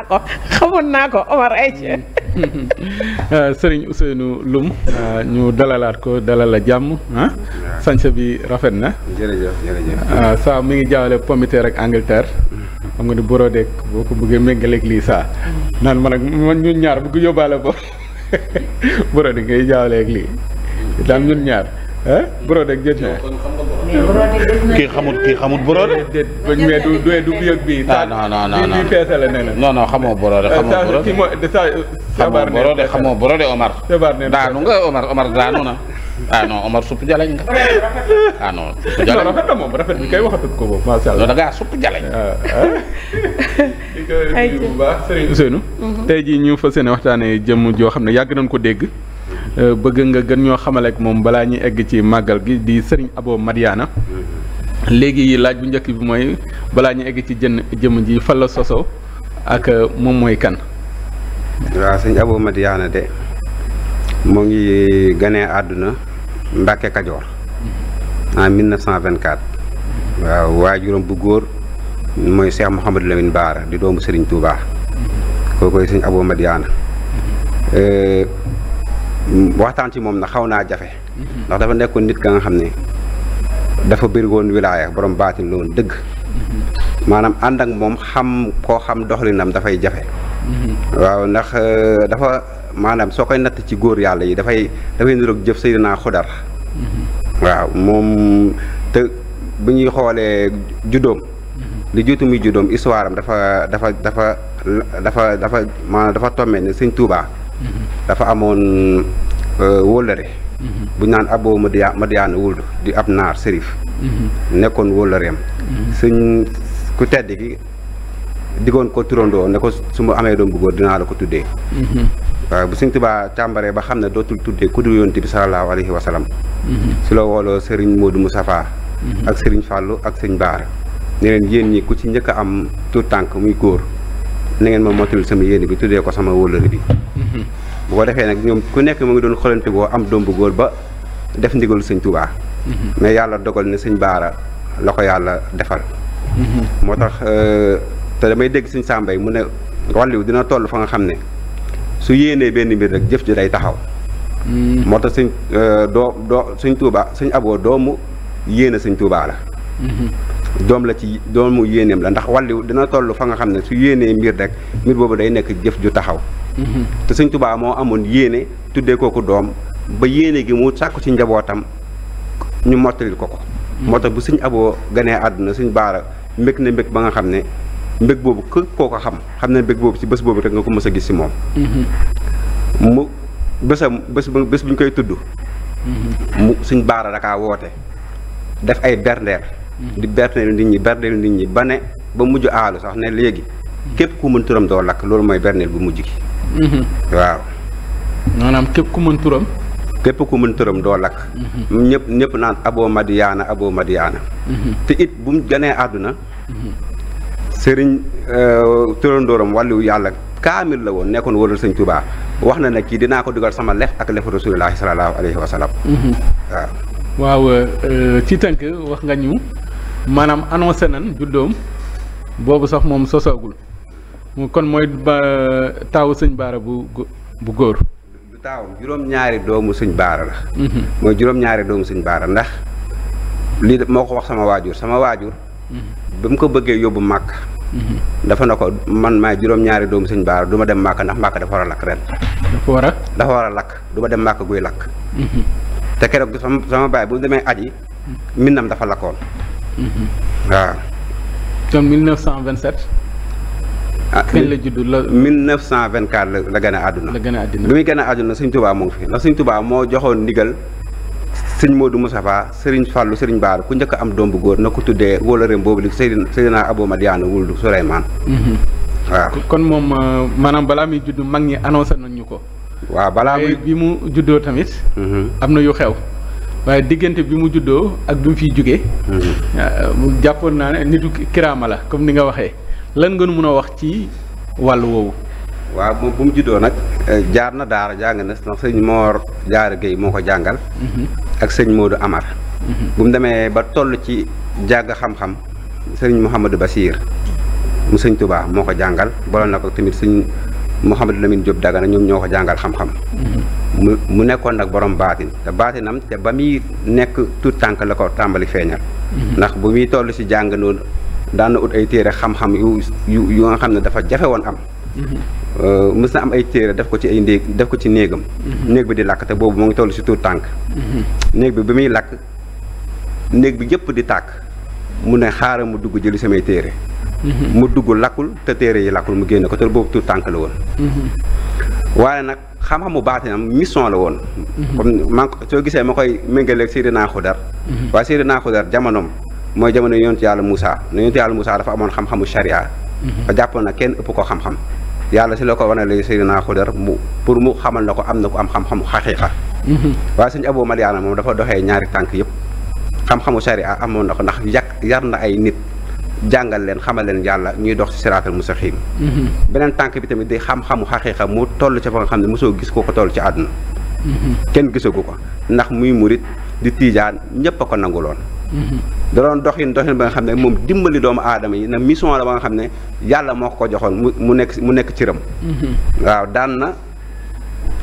naa ko xamoon naa ko Omar ay euh, Serigne Ousseynou Loum euh, ñu dalalaat ko dalala jàmm ah bi rafet na jërëjëf jërëjëf euh, saa mi ngi jaawale pomiteer ak Angleterre xam nga ni borodeek boo ko bëggee méngaleeg lii saa naan man ak man ñun ñaar bëgg yóbbaale ko borode ngay jaawaleeg lii daal ñun ñaar ah Brodé ak Dieng. kii xamut kii xamut Brodé. mais du du du bii ak bii. ah non xamoo Brodé euh, xamoo Brodé. xamoo Brodé Omar. daanu nga Omar Omar daanu na. ah Omar supp jalañ nga. ah non rafet na kay waxatut ko boobu macha allah. non da ngaa supp jalañ. Ah, ah. ayca di ko jii ñu fas yéene waxtaanee jëm joo xam ne yàgg nañ ko dégg. Euh, bëgg nga gën ñoo xamal ak moom balaa ñuy egg ci màggal gi di sëriñ aboo Madiana léegi laaj bu njëkk bi mooy balaa ñu egg ci jën jëmm ji fan la soso ak euh, moom mooy kan. waaw sëñ Abo Madiana de mu ngi ganee àdduna Mbàkke Kajoor vingt 1924 waaw waajuram bu góor mooy Cheikh Mouhamadou Lamine Baara di doomu Serigne Touba kooku koy sëñ Abo Madiana. Euh, waxtaan ci moom na xaw naa jafe ndax dafa nekkoon nit ka nga xam ne dafa bëri woon wilaaya borom baatin loon dëgg maanaam ànd ak moom xam koo xam doxalinam dafay jafe waaw ndax euh, dafa maanaam soo koy natt ci góor yàlla yi dafay dafay niroog jëf Seydina Xudar waaw moom te bu ñuy xoolee juddoom li jiitu muy juddoom histoire am dafa dafa dafa dafa dafa maanaam dafa tommee ne sëñ Tuubaa dafa amoon euh, wóllare mhm. bu naan aboo madiya madiyaana wuld di ab naar sërif mhm. nekkoon wóllareem mhm. suñ ku tedd ki diggoon ko turandoo ne ko su ma amee doom bu dinaa la ko tuddee waaw bu Sëñ Tuubaa càmbaree ba xam ne dootul tuddee ku du yonent bi salallaahu alayhi wa sallam si la wooloo sëriñ Moodu Mustafaa ak sëriñ Fàllu ak sëñ Baara ne leen yéen ñi ku ci njëkk am tur tànk muy góor na ngeen ma motul sama yéene bi tuddee ko sama wóllare bi bu ko defee nag ñoom ku nekk mu ngi doon xolante boo am doom góor ba def ndigalu sëñ Tuubaa mhm. mais yàlla dogal na sëñ Baara la ko yàlla defal mhm. moo tax euh, te damay dégg sëñ Sàmbay mu ne walliw dina toll fa nga xam ne su yéenee benn mbir rek jëf ji day taxaw mhm. moo tax sëñ euh, doo doo sëñ Tuubaa sëñ Aboo doomu yéene sëñ Tuubaa la doom la ci doom mu yéeneem la ndax wàllu dina toll fa nga xam ne su yéenee mbir rek mbir boobu day nekk jëf ju taxaw mhm. te sëñ Tuubaa moo amoon yéene tuddee kooku doom ba yéene gi mu sàkku ci njabootam ñu mottalil ko ko mhm. moo tax bu suñ aboo ganee àdduna sëñ baara mbég na mbég ba nga xam ne mbég boobu kë koo ko xam xam ne mbég boobu ci bés boobu rek nga ko mës a gis si moom mhm. mu bésam bés bés bu ñu koy tudd mu sëñ baara dakaa woote def ay berndeer di berndeel nit ñi berndeel nit ñi ba ne ba mujj aalu sax ne léegi képp ku mën turam doo lakk loolu mooy berndeel bu mujj gi mhm. waaw maanaam képp ku mën turam képp ku mën tëram doo lakk mhm. ñëpp ñëpp naan aboo madiyaana aboo madiyaana mhm. te it bu mu ganee àdduna sëriñ euh, tërandóoram wàllu yàlla kaamil la woon nekkoon wóoral sëñ Tuubaa wax na ne kii dinaa ko dugal sama lef ak lefu rasulillaahi sallallaahu alayhi wa waaw waaw euh, ci tënk wax nga ñu maanaam annoncé nan juddoom boobu sax moom sosoogul kon mooy ba taawu sëñ baara bu bu góor du taaw juróom-ñaari doomu sëñ baara la mhm. mooy juróom-ñaari doomu sëñ baara ndax lii de moo ko wax sama waajur sama waajur mhm. ba mu ko bëggee yóbbu màkk mhm. dafa na ko man maay juróom-ñaari doomu sëñ baara duma dem màkk ndax màkk dafa war a lakk ren dafa war a dafa war a lakk du dem màkk guy lakk te keroog sama sama baay bu demee aji minnam dafa lakkoon waaw. Mm-hmm. Ah. kon 1927. ah kañ la juddu la. 1924 la la gën a la gën a àdduna bi muy gën a àdduna sëñ Touba mu ngi fi ndax sëñ Touba moo joxoon ndigal sëñ Modou Moustapha sëriñ Fallou sëriñ Baar ku njëkk am doom bu góor na ko tuddee wóolareem boobu li Seydina Abou Madiane wuldu Souleymane. Mm-hmm. waaw kon moom euh, maanaam balaa muy juddu mag ñi annoncé nañ ñu ko. waaw balaa muy bi mu juddoo tamit. Mm-hmm. am na yu xew. waaye diggante bi mu juddoo ak bi mu fiy jógee mm-hmm. jàppoon naa ne nitu kiraama la comme ni nga waxee lan nga nu mun a wax ci wàll woowu waa moom bu mu juddoo nag eh, jaar na daara jàng na ndax sëñ Moor Jaara Géey moo ko jàngal mm-hmm. ak sëñ Moodu Amar mm-hmm. bu mu demee ba toll ci jàgg xam-xam sëñ Mouhamadou Basiir mu sëñ Touba moo ko jàngal boole na ko tamit sëñ Mouhamadou Lamine Diop na ñoom ñoo ko jàngal xam-xam mu mu nekkoon nag borom baatin te baatinam te ba muy nekk tout tànk la ko tàmbali feeñal mhm. ndax bu muy toll si jàng noonu daan ut ay téere xam-xam yu yu nga xam ne dafa jafe woon am mhm. euh, mës na am ay téere def ko ci ay néeg def ko ci néegam mhm. néeg bi di lakk te boobu mu ngi toll si tout tànk néeg bi bi muy lakk néeg bi yëpp di tàkk mu ne xaaral mu dugg jëli samay téere mu dugg lakkul te téere yi lakkul mu génne ko te boobu tout tànk la woon waaye nag xam-xamu baatinam mission la woon. Mhm. comme man soo gisee ma koy méngaleeg Seydina Xudar. Mhm. waaye Seydina Xudar jamonoom mooy jamono yonent yàlla Moussa yonent yàlla Moussa dafa amoon xam-xamu sharia. Mhm. ba jàppoon na kenn ëpp ko xam-xam. yàlla si la ko wanalee Seydina Xudar mu pour mu xamal na ko am na ko am xam-xamu xaqiiqa. waaye suñu aboo Madiana moom dafa doxee ñaari tànk yëpp xam-xamu sharia amoon na ko ndax yàq yar na ay nit. jàngal leen xamal leen yàlla ñuy dox ci siraatal mustaqim mhm. beneen tànk bi tamit di xam-xamu xaqiiqa mu toll ca fa nga xam ne mosoo gis ko ko toll ci àdduna mhm. kenn gisagu ko ndax muy murit di tiijaan ñëpp a ko nanguloon mhm. da doon doxin doxin ba nga xam ne moom dimbali doomu aadama yi na mission la ba nga xam ne yàlla moo ko ko joxoon mu nekk mu nekk cëram waaw daan na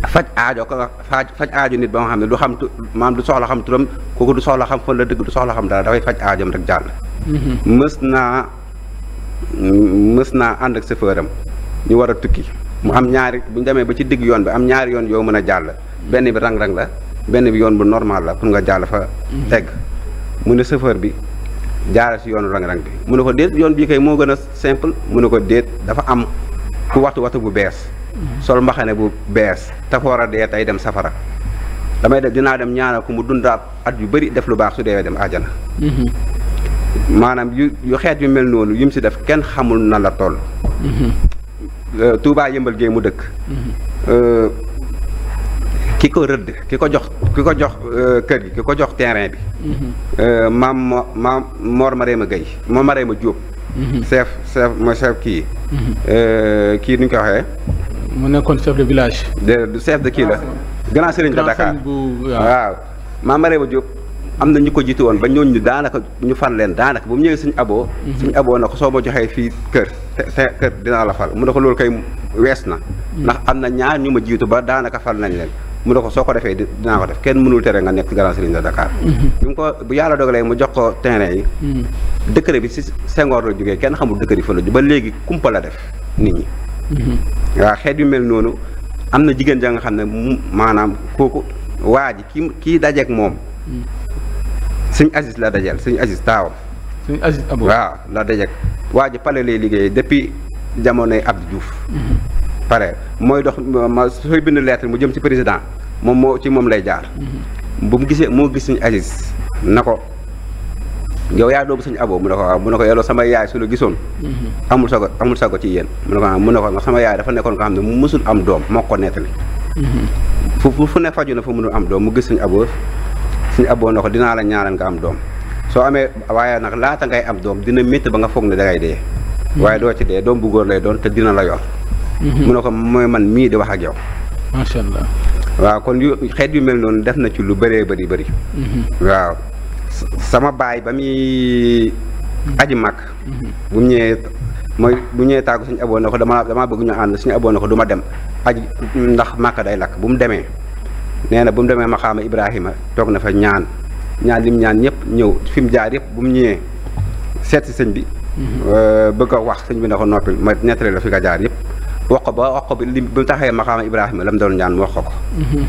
faj aajo ko faj faj aajo nit ba nga xam ne du xam maam du soxla xam turam kooku du la dëgg du soxla xam dara dafay mës naa mës naa ànd ak chauffeur am ñu war a tukki mu am ñaari bu ñu demee ba ci digg yoon bi am ñaari yoon yoo mën a jàll benn bi rang-rang la benn bi yoon bu normal la pour nga jàll fa egg mu ne chauffeur bi jaaral si yoonu rang-rang bi mu ne ko déet yoon bii kay moo gën a simple mu ne ko déet dafa am ku waxtu waxtu bu bees sol mbaxane bu bees te a dee tey dem safara damay def dinaa dem ñaanal ko mu dundaat at yu bëri def lu baax su deewee dem ajana maanaam yu yu xeet yu mel noonu yim si def kenn xamul na la toll. Mm-hmm. Euh, Touba yëmbal gee mu dëkk. Mm-hmm. Euh, ki ko rëdd ki ko jox ki ko jox euh, kër gi ki ko jox terrain bi. maam mm-hmm. moo maam Mor Marema Gueye Mor Marema Diop. chef chef mooy chef kii. kii nuñ ko waxee. mu nekkoon chef de village. de chef de kii la. grand sëriñ de Dakar waaw maam Marema Diop. am na ñu ko jiitu woon ba ñooñu daanaka ñu fal leen daanaka bu mu ñëwee suñu aboo. Mhm. suñu aboo na ko soo ma joxee fii kër dinaa la fal mu ne ko loolu kay wees na. Mhm. ndax am na ñaar ñu ma jiitu ba daanaka fal nañ leen. mu ne ko soo ko defee dinaa ko def kenn mënul tere nga nekk grand serigne de Dakar. Mhm. bi mu ko bu yàlla dogalee mu jox ko terrain yi. décret bi si Senghor la jógee kenn xamul décret yi fa la ba léegi kumpa la def nit ñi. waa xeet yu mel noonu am na jigéen ja nga xam ne maanaam kooku waa ji kii kii dajeeg moom. suñ Aziz la dajal suñ Aziz taaw suñ Aziz Abo waaw la dajal waa ji pale lay liggéeyee depuis jamonoy Abdou Diouf. Mhm. pare mooy dox ma sooy bind lettre mu jëm ci président moom moo ci moom lay jaar. Mhm. bu mu gisee moo gis suñ Aziz na ko yow yaa doomu suñ Abo mu ne ko waaw mu ne ko yelloo sama yaay su la gisoon. Mhm. amul sago amul sago ci yéen mu ne ko ah mu ne ko sama yaay dafa nekkoon nga xam ne mu mësul am doom moo ko nettali. fu fu ne faju na fa mënul am doom mu gis suñ Abo. suñu aboo na ko dinaa la ñaanal nga am doom soo amee waaye nag laata ngay am doom dina métti ba nga foog ne dangay dee mm-hmm. waaye doo ci dee doom bu góor lay doon te dina la yor mm-hmm. mu ne ko mooy man mii di wax ak yow macha allah waaw kon yu xeet yu mel noonu def na ci lu bëree bëri bëri mm-hmm. waaw sama baay ba muy aji mag bu ñëwee mooy bu ñëwee tàggu suñ aboon na ko dama damaa bëgg ñu ànd suñu aboon na ko du dem aji ndax màkk day lakk bu mu demee nee na bu mu demee maxaama Ibrahima toog na fa ñaan ñaan lim ñaan ñëpp ñëw fi mu jaar yépp bu mu ñëwee seet si sëñ bi. Mhm. Euh, bëgg a wax sëñ bi na ko noppil ma nettali la fi nga jaar yépp wax ko ba wax bi li bu taxee maxaama Ibrahima la mu doon ñaan mu wax ko ko. Mhm.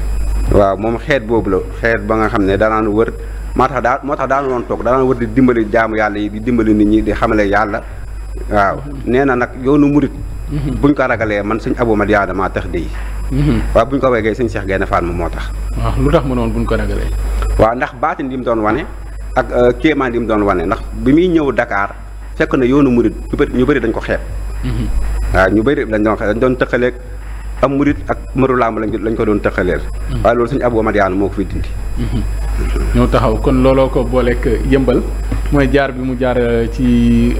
waaw moom xeet boobu la xeet ba nga xam ne danaan wër moo tax daa moo tax daanu toog danaan wër di dimbali jaamu yàlla yi di dimbali nit ñi di xamale yàlla waaw mhm. nee na nag yoonu murit Mhm. buñ ko ragalee man suñ abuma yaada maa tax de yi mhm. waaye buñ ko wegee suñ seex gaynde Fatma moo tax waaw ah, lu tax mu noonu buñ ko ragalee waaw ndax baatin li mu doon wane ak euh, kéemaan li doon wane ndax bi muy ñëw dakaar fekk na yoonu murit ñu bëri ñu bëri dañ ko xeet mhm. waaw ñu bëri dañ doon xeeb dañ doon tëqaleeg am murit ak mëru làmb lañ lañ ko doon tëqaleel waaye loolu suñu abuma yaada moo ko fi dindi ñoo taxaw kon looloo ko booleek yëmbal mooy jaar bi mu jaar euh, ci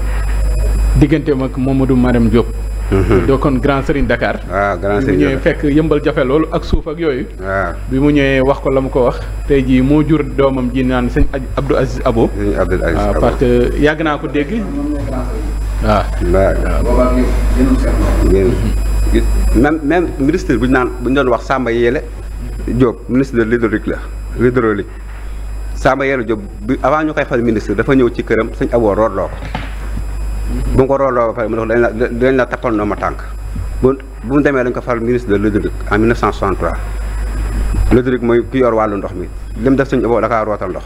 digganteem ak Mamadou Marème Diop doo kon grand Serigne Dakar. waaw ah, grand Serigne bi mu ñëwee fekk yëmbal jafe loolu ak suuf ak yooyu. waaw ah. bi mu ñëwee wax ko la mu ko wax. tey jii moo jur doomam ji naan sëñ Abdou Aziz Abo. sëñ ah, Abo parce que yàgg naa ko dégg. même même bu ñu naan bu doon wax Samba Yele ministre de la l'hydraulique Samba Yele Diop bi avant ñu koy fal ministre dafa ñëw ci këram sëñ Abo roodloo ko. bu ko rooloo ba pare mu ne dañ la tappal noo ma tànk bu bu mu demee lañ ko faral ministre de l'hydraulique en 1963 l'hydraulique mooy ku yor wàllu ndox mi lim def suñu ëppoo da kaa rootal ndox.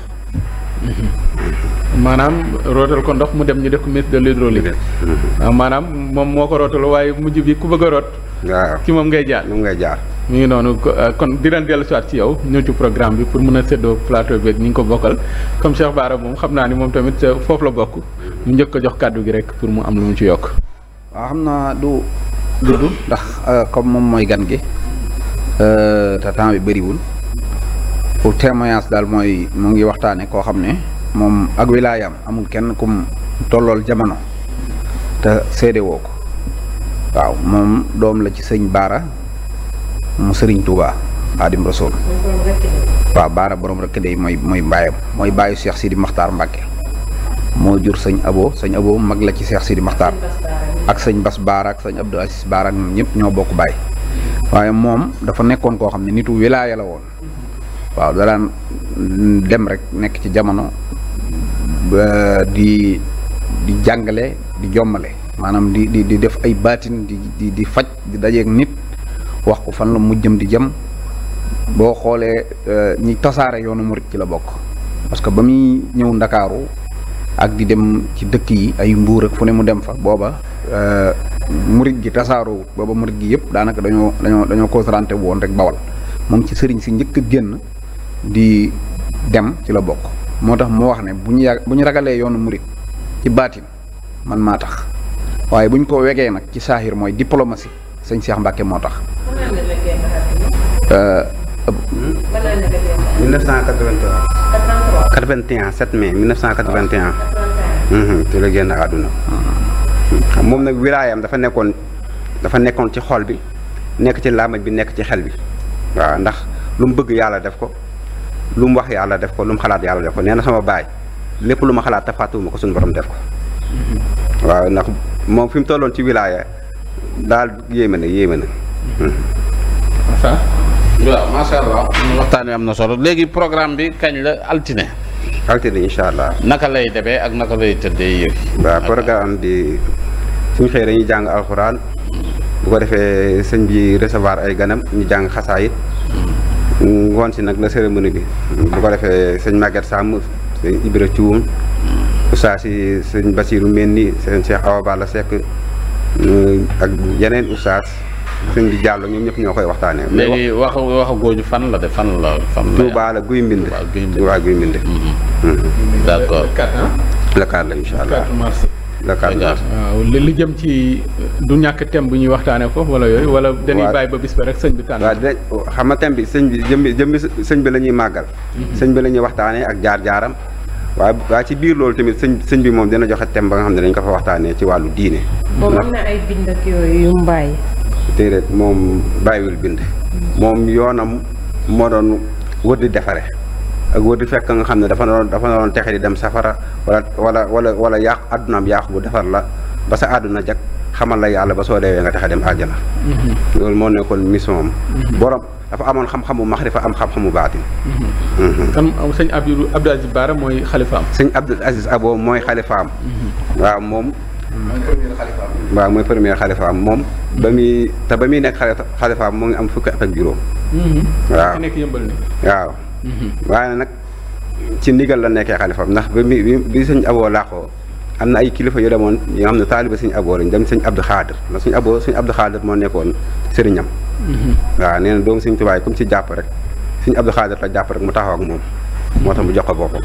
maanaam rootal ko ndox mu dem ñu def ko ministre de l'hydraulique. Mm-hmm. Ah, maanaam moom moo ko rootal waaye mujj bi ku bëgg a root. waaw ki moom ngay jaar moom ngay jaar. mu ngi noonu euh, kon di leen dellu siwaat ci yow ñëw ci programme bi pour mun a séddoo plateau bi ak ñi ngi ko bokkal comme Cheikh Bara moom xam naa ni moom tamit euh, foofu la bokk ñu njëkk ko jox kàddu gi rek pour mu am lu mu ci yokk. waaw xam naa du gudd ndax euh, comme moom mooy gan gi te temps bi bëriwul pour témoignage daal mooy mu ngi waxtaane koo xam ne moom ak wilaayam amul kenn kum tollool jamono te seede woo ko waaw moom doom la ci sëñ baara mu sëriñ Touba Xaadim Rasool waaw baara boroom rek day mooy mooy baayam mooy baayu Cheikh Sidi Maxtaar Mbàkke moo jur sëñ Abo sëñ Abo mag la ci Cheikh Sidi Maxtaar ak sëñ Bas Baara ak sëñ Abdou Aziz Baara ak ñëpp ñoo bokk baay waaye moom dafa nekkoon koo xam ne nitu wilaaya la woon waaw da daan dem rek nekk ci jamono di di jàngale di jommale maanaam di di def ay baatin di di di faj di dajeeg nit wax ko fan la jëm di jëm boo xoolee euh, ñi tasaare yoonu murit ci la bokk parce que ba muy ñëw ndakaaru ak di dem ci dëkk yi ay mbuur ak fu ne mu dem fa booba euh, murit gi tasaaroo booba murit gi yëpp daanaka dañoo dañoo ko concentré woon rek bawal moom ci sëriñ si njëkk a génn di dem ci la bokk moo tax moo wax ne bu ñu yà bu ñu ragalee yoonu murit ci baatin man maa tax waaye bu ñu ko wegee nag ci saahir mooy diplomatie sëñ Cheikh Mbacke moo tax 1981. 81 7 mai 1981. ci la génn àdduna. Mhm. moom nag wilaayam dafa nekkoon dafa nekkoon ci xool bi nekk ci làmmiñ bi nekk ci xel bi waaw ndax lu mu bëgg yàlla def ko lu mu wax yàlla def ko lu mu xalaat yàlla def ko nee na sama baay lépp lu ma xalaat tafaatuwuma ko suñu borom def ko. Mhm. waaw ndax moom fi mu tolloon ci wilaaya daal yéeme na yéeme na. Mhm. waaw macha waxtaan wi am na solo léegi programme bi kañ la altine. altine incha allah. naka lay demee ak naka lay tëddee yëf. waaw programme bi suñu xëy dañuy jàng alxuraan bu ko defee sëñ bi recevoir ay ganam ñu jàng xasaayit ngoon si nag la cérémonie bi bu ko defee sëñ Maguette Samb sëñ Ibra Thioum ustaas yi sëñ Basiiru Menni sëñ Cheikh Awa Balla Seck ak yeneen ustaas sëñ bi Diallo ñoom ñëpp ñoo koy waxtaanee. léegi wax wax gooju fan la de fan la fan la. Touba la Guy Mbind. waaw Guy Mbind waaw Guy Mbind. Mm-hmm. Mm-hmm. d' accord le 4 la incha allah le 4 mars. waaw ah, li jëm ci du ñàkk thème bu ñuy waxtaanee ko wala yooyu wala. waaw dañuy bàyyi ba bis ba rek sëñ bi tànn. waaw dinañ xam nga thème bi sëñ bi jëm bi jëm bi sëñ bi la ñuy màggal. Mm-hmm. sëñ bi la ñuy waxtaanee ak jaar jaaram. waaye waaye ci biir loolu tamit sëñ sëñ bi moom dina joxe thème ba nga xam ne dañ ko fa waxtaanee ci wàllu diine. ndax boobu am na ay bind ak yooyu yu mbaay déedéet moom bàyyiwul bind moom yoonam moo doon wër di defare ak wër di fekk nga xam ne dafa doon dafa doon texe di dem safara wala wala wala wala yàqu àddunaam yàqu bu defar la ba sa àdduna jag xamal la yàlla ba soo deewee nga texe dem àjjana mhm. loolu moo nekkoon mission am mhm. borom dafa amoon xam-xamu maxrifa am xam-xamu baatin mhm. kan sëñ Abdou Abdou Aziz Bara mooy xalifaam sëñ Abdou Aziz Abo mooy xalifaam waaw moom Mm. waaw mooy premier xalifaam moom ba muy te ba muy nekk xalifaam mu ngi am fukki at ak juróom mm-hmm. waaw waaw mm-hmm. waaye nag ci ndigal la nekkee xalifaam ndax ba muy bi sëñ aboo laaxoo am na ay kilifa yu demoon yoo xam ne taaliba sëñ aboo lañ dem sëñ abdu xaadir ndax sëñ aboo sëñ abdu xaadir moo nekkoon sëriñam mm-hmm. waaw nee na doomu sëñ tubaay comme ci jàpp rek sëñ abdu xaadir la jàpp rek mu taxaw ak moom moo tax mu jox ko boppam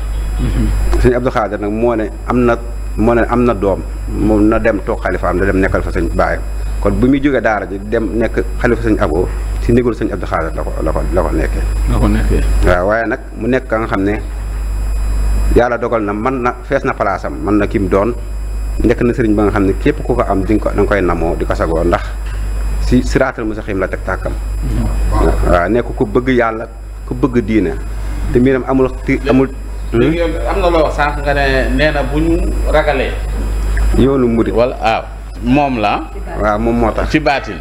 sëñ abdu xaadir nag moo ne am na moo ne am na doom moom na dem toog xalifaam na dem nekkal fa sëñ baayam kon bu muy jógee daara ji dem nekk xalifa sañ aboo si ndigal sëñ Abdou Xaadir la la ko la ko nekkee. waaw waaye nag mu nekk ka nga xam ne yàlla dogal na man na fees na palaasam man na ki mu doon nekk na sëriñ ba nga xam ne képp ku ko am di da nga koy namoo di ko sagoo ndax si siraatal musaxim la teg tàkkam. Mm-hmm. waaw nekk ku bëgg yàlla ku bëgg diine te miiram amul amul. Hmm? léegi yow am na loo wax sànq nga ne nee bu ñu ragalee. yoonu murit wala waaw moom la waaw moom moo tax ci baatin.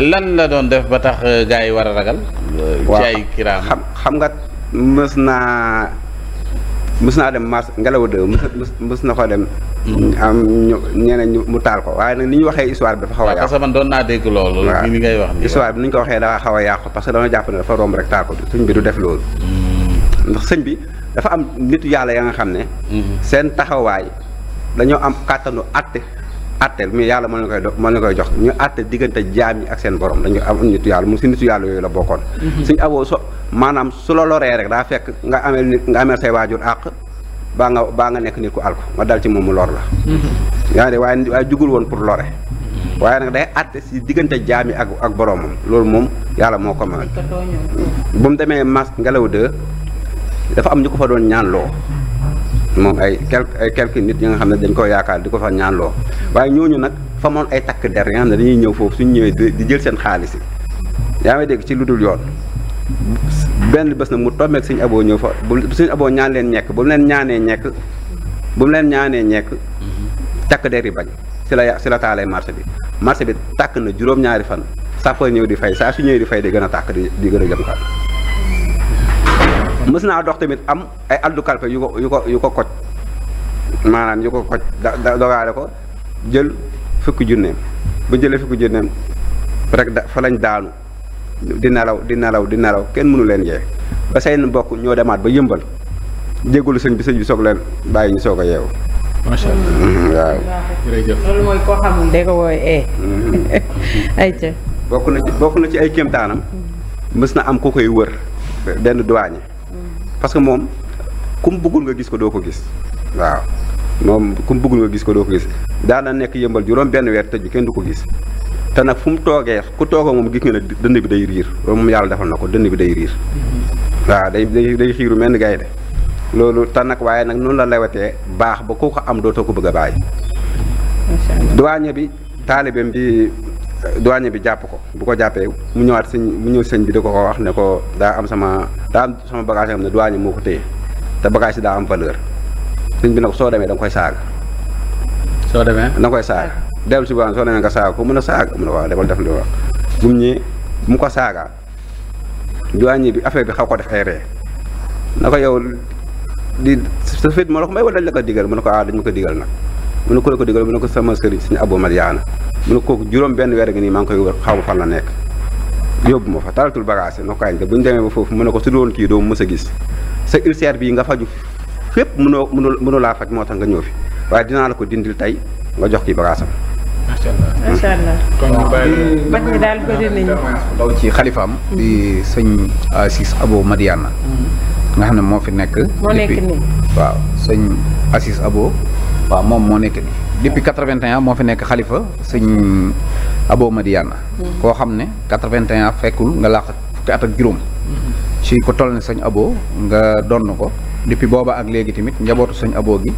lan la doon def ba tax euh, gars yi war a ragal. ci ay kiraam xam xam nga mës naa mës naa dem mars ngelaw dëw mës mës na ko dem. Hmm. am ñu mu taal ko waaye nag ni ñu waxee histoire bi dafa xaw a yàqu. parce que man doon naa dégg loolu. waaw li wax nii histoire ko waxee dafa xaw a parce que jàpp ne dafa romb rek taal ko suñ bi du def loolu. Hmm. ndax bi. dafa am nitu yàlla ya nga xam ne. Mm-hmm. seen taxawaay dañoo am kàttanu àtte àtte mais yàlla moo leen koy moo leen koy jox ñu àtte diggante jaam yi ak seen borom dañu am nitu yàlla mu si nitu yàlla yooyu la bokkoon. Mm-hmm. suñ awoo so maanaam su la loree rek daa fekk nga ameel nit nga ameel say waajur àq baa nga baa nga nekk nit ku àlku nga dal moom mu la. Mm-hmm. yaa ngi de waaye woon pour lore. waaye nag day àtte si diggante jaam yi ak ak boromam loolu moom yàlla moo ko mën. ba mu demee mas ngelaw de dafa am ñu ko fa doon ñaanloo moom ay quelque ay quelques nit ñu nga xam ne dañ ko yaakaar di ko fa ñaanloo waaye ñooñu nag fa moon ay takk der nga xam ne dañuy ñëw foofu suñu ñëwee di jël seen xaalis yi yaa ngi dégg ci lu dul yoon benn bés na mu tommeeg suñu aboo ñëw fa bu suñu aboo ñaan leen ñekk bu mu leen ñaanee ñekk bu leen ñaanee ñekk takk der yi bañ si la si la taalee marché bi marché bi tàkk na juróom-ñaari fan saa fa ñëw di fay saa su ñëwee di fay di gën a tàkk di di gën a jëm kaw mës naa dox tamit am ay addu kalpe yu ko yu ko yu ko maanaam yu ko koj da dogaale ko jël fukki junneem bu jëlee fukki junneem rek da fa lañ daanu di nelaw di nelaw di nelaw kenn mënu leen yee ba seen mbokk ñoo demaat ba yëmbal jégalu sëñ bi sëñ bi soog leen bàyyi ñu soog a yeewu. macha allah mhm, waaw. Mhm. bokk na ci bokk na ci ay kéemtaanam. Mhm. mës na am ku koy wër benn douanier. parce que moom ku mu bëggul nga gis ko doo ko gis waaw moom ku mu bëggul nga gis ko doo ko gis daana nekk yëmbal juróom benn weer tëj bi kenn du ko gis te nag fu mu toogee ku toogoo moom gis nga ne dënd bi day riir loolu moom yàlla defal na ko dënd bi day riir mm-hmm. waaw day day day xiiru mel ni gaynde loolu te nag waaye nag noonu la lewetee baax ba ku ko am dootoo ko bëgg a bàyyi. douanier bi taalibeem bi douane bi jàpp ko bu ko jàppee mu ñëwaat sëñ mu ñëw sëñ bi di ko ko wax ne ko daa am sama daa am sama bagage ne douane moo ko téye te bagage yi daa am valeur sëñ bi nag soo demee da koy saaga. soo demee da koy saaga. dem si boobu soo demee nga saaga a saaga mun a waaw demal def li wax bu mu mu ko saaga douane bi affaire bi xaw ko def ay ree na ko yow di sa fit ma la ko may dañ la ko digal mu ne ko ah dañ ma ko digal nag. mun ne ko la ko digal ko sama sëriñ suñu Abu Madiana mu ne kooku juróom benn weer nga nii maa ngi koy wër xaw ma fan la nekk yóbbu ma fa taratul bagage no kaañ te bu ñu demee ba foofu mu ne ko su doon kii doo mës a gis sa ulcère bii nga faju fépp mënoo mënoo laa faj moo tax nga ñëw fi waaye dinaa ko dindil tey nga jox kii bagage am macha allah macha allah. kon ñu sëñ Assis Abo Madiana. Mm. nga xam ne moo fi nekk. moo nekk nii waaw sëñ Assis Abo. waaw moom moo nekk ni depuis quatre vingt moo fi nekk xalifa sëñ Abo Madiana hmm. koo xam ne quatre-vingt-un ans fekkul nga laax fukki at ak juróom hmm. ci ko toll ne sañ Abo nga donn ko depuis booba ak léegi tamit njabootu sañ Abo gi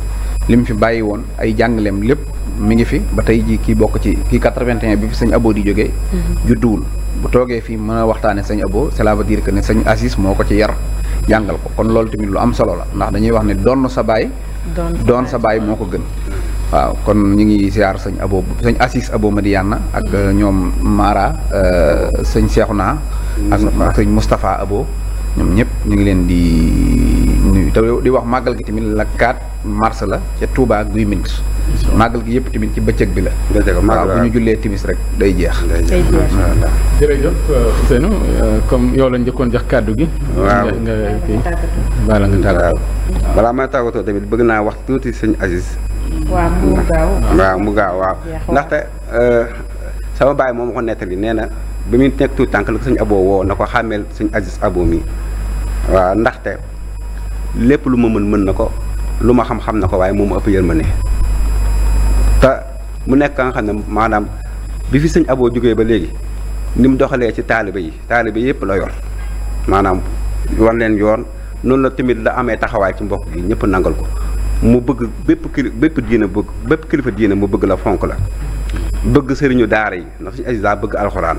li mu fi bàyyi woon ay jàngaleem lépp mu ngi fi ba tey jii kii bokk ci kii 81 bi fi sëñ Abo di jógee hmm. judduwul bu toogee fii mën a waxtaane sëñ Abo cela veut dire que ne sañ Assis moo ko ci yar jàngal ko kon loolu tamit lu am solo la ndax dañuy wax ne donn sa baay doon sa baay moo ko gën waaw kon ñu ngi ziar sëñ abo sëñ assis abo Madiyana ak mm-hmm. uh, ñoom Mara uh, sëñ Seexuna ak sëñ Moustapha abo ñoom ñëpp ñu ngi leen di nuyu di wax màggal gi tamit la 4 mars la ca Touba Guy Mbind. màggal gi yëpp tamit ci bëccëg bi la. waaw bu ñu jullee timis rek day jeex. day jeex jërëjëf euh, Ousseynou euh, comme yow la njëkkoon jox kàddu gi. waaw nga balaa may tàggatoo tamit bëgg naa wax tuuti sëñ Aziz. waaw mu waaw ndaxte euh, sama baay moom ma ko nettali nee na ba muy nekk tuut tànk la ko sëñ Abo woo na ko xàmmeel sëñ Aziz Abo mi waaw ndaxte. lépp lu ma mën mën na ko lu ma xam-xam na ko waaye moom ëpp yërmande te mu nekk nga xam ne maanaam bi fi sëñ aboo jógee ba léegi ni mu doxalee ci taalibe yi taalibe yëpp la yor maanaam war leen yoon noonu la tamit la amee taxawaay ci mbokk gi ñëpp nangal ko mu bëgg bépp kili bépp diine bëgg bépp kilifa diine mu bëgg la fonk la bëgg sëriñu daara yi ndax suñu agisa bëgg alxuraan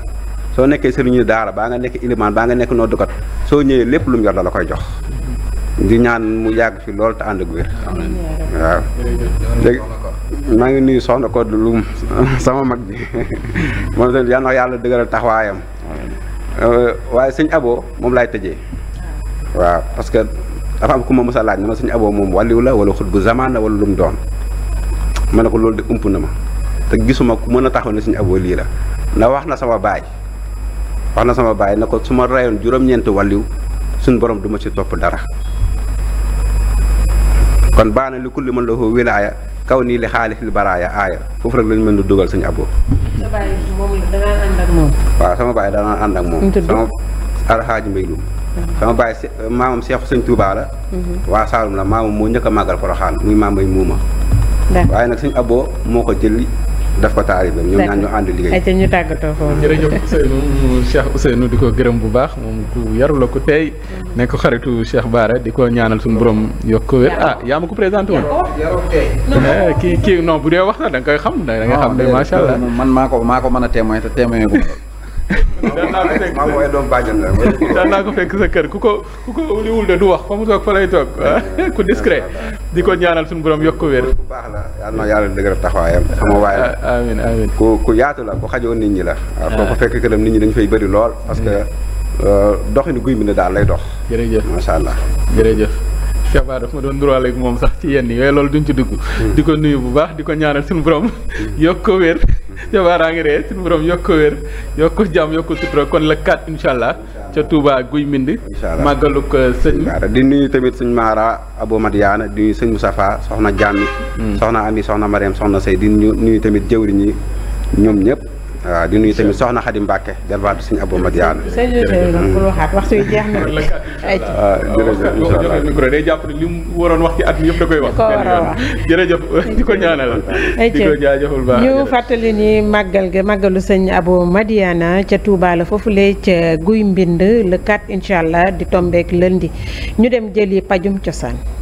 soo nekkee sëriñu daara baa nga nekk ilimaan baa nga nekk noddukat soo ñëwee lépp lu mu la koy jox di ñaan mu yàgg fi lool te ànd ak wér waaw léegi maa ngi nuyu soxna ko Loum sama mag bi moom tamit yàlla dëgëral taxawaayam waaye sëñ Abo moom laay tëjee waaw parce que dafa am ku ma mës a laaj ne ma sëñ Abo moom wàlliw la wala xut bu zamaan la wala lu mu doon ma ne ko loolu de ump na ma te gisuma ku mën a taxaw ne sëñ aboo lii la ndax wax na sama baay wax na sama baay na ko su ma rayoon juróom-ñeenti wàlliw suñ borom du ma ci topp dara kon baana li kulli mën la ko wilaaya kaw nii li xaalis li baraaya aaya foofu rek lañ mën a dugal suñu aboo. waa sama baay danaa ànd ak moom. sama alxaaji mbay lum sama baay maamam seexu sëñ Tuubaa la. Mhm. waa Saalum la maamam moo njëkk a màggal Poroxaan muy maam bay muuma. waaye nag suñu aboo moo ko jëli. daf ko taarif ñoom ñaan ñu ànd liggéey. ayca ñu tàggatoo foofu. jërëjëf Ousseynou Cheikh Ousseynou di ko gërëm bu baax moom ku yaru la ku tey nekk xaritu Cheikh Bara di ko ñaanal suñu borom yokk ko wér ah yaa ma ko présenté woon. Eh, kii kii non bu dee wax na da koy xam da nga xam ne macha allah. man maa ko maa ko mën a témoin te témoin ko. daan naa ko fekk maa mooy doom bàjjan la fekk sa kër ku ko ku ko liwul de du wax fa mu toog fa lay toog ah, ku discret di ko ñaanal suñu borom yokk ko wér ku baax la yal na yàlla dëgëral taxawaayam sama waay ah, ku ku yaatu la ku xajoo nit ñi la waaw ah, ko fekk nit ñi dañu fay bëri lool parce que hmm. euh, doxinu guy bi ne daal lay dox jërëjëf macha allah jërëjëf Kaba daf ma doon nduróoleeg moom sax ci yenn yooyu loolu duñ ci dugg hmm. di ko nuyu bu baax di ko ñaanal suñu borom hmm. yokk ko wér yobaaraa ngi ree suñu borom yokk ko wér yokk jàmm yokk ko kon la kat allah ca Touba guy mbind incha allah màggalu ko euh, sëñ di nuyu tamit sëñ Maara Abou Madiana di nuyu sëñ Moustapha soxna Jàmmi soxna Ami soxna Mariam soxna Sey di nuyu tamit jëwriñ yi ñoom ñëpp waaw di tamit soxna Xadi Mbàkke jarbaatu suñu abo Madiane. Ah, jërëjëf incha allah micro day jàpp ne li mu waroon wax ci at mi da koy wax. jërëjëf di ko ñaanal. di ñu fàttali ni màggal ga màggalu sëñ abo Madiana ca Touba la foofulee ca guy mbind le 4 incha allah di tombeek lundi ñu dem jëli pajum cosaan.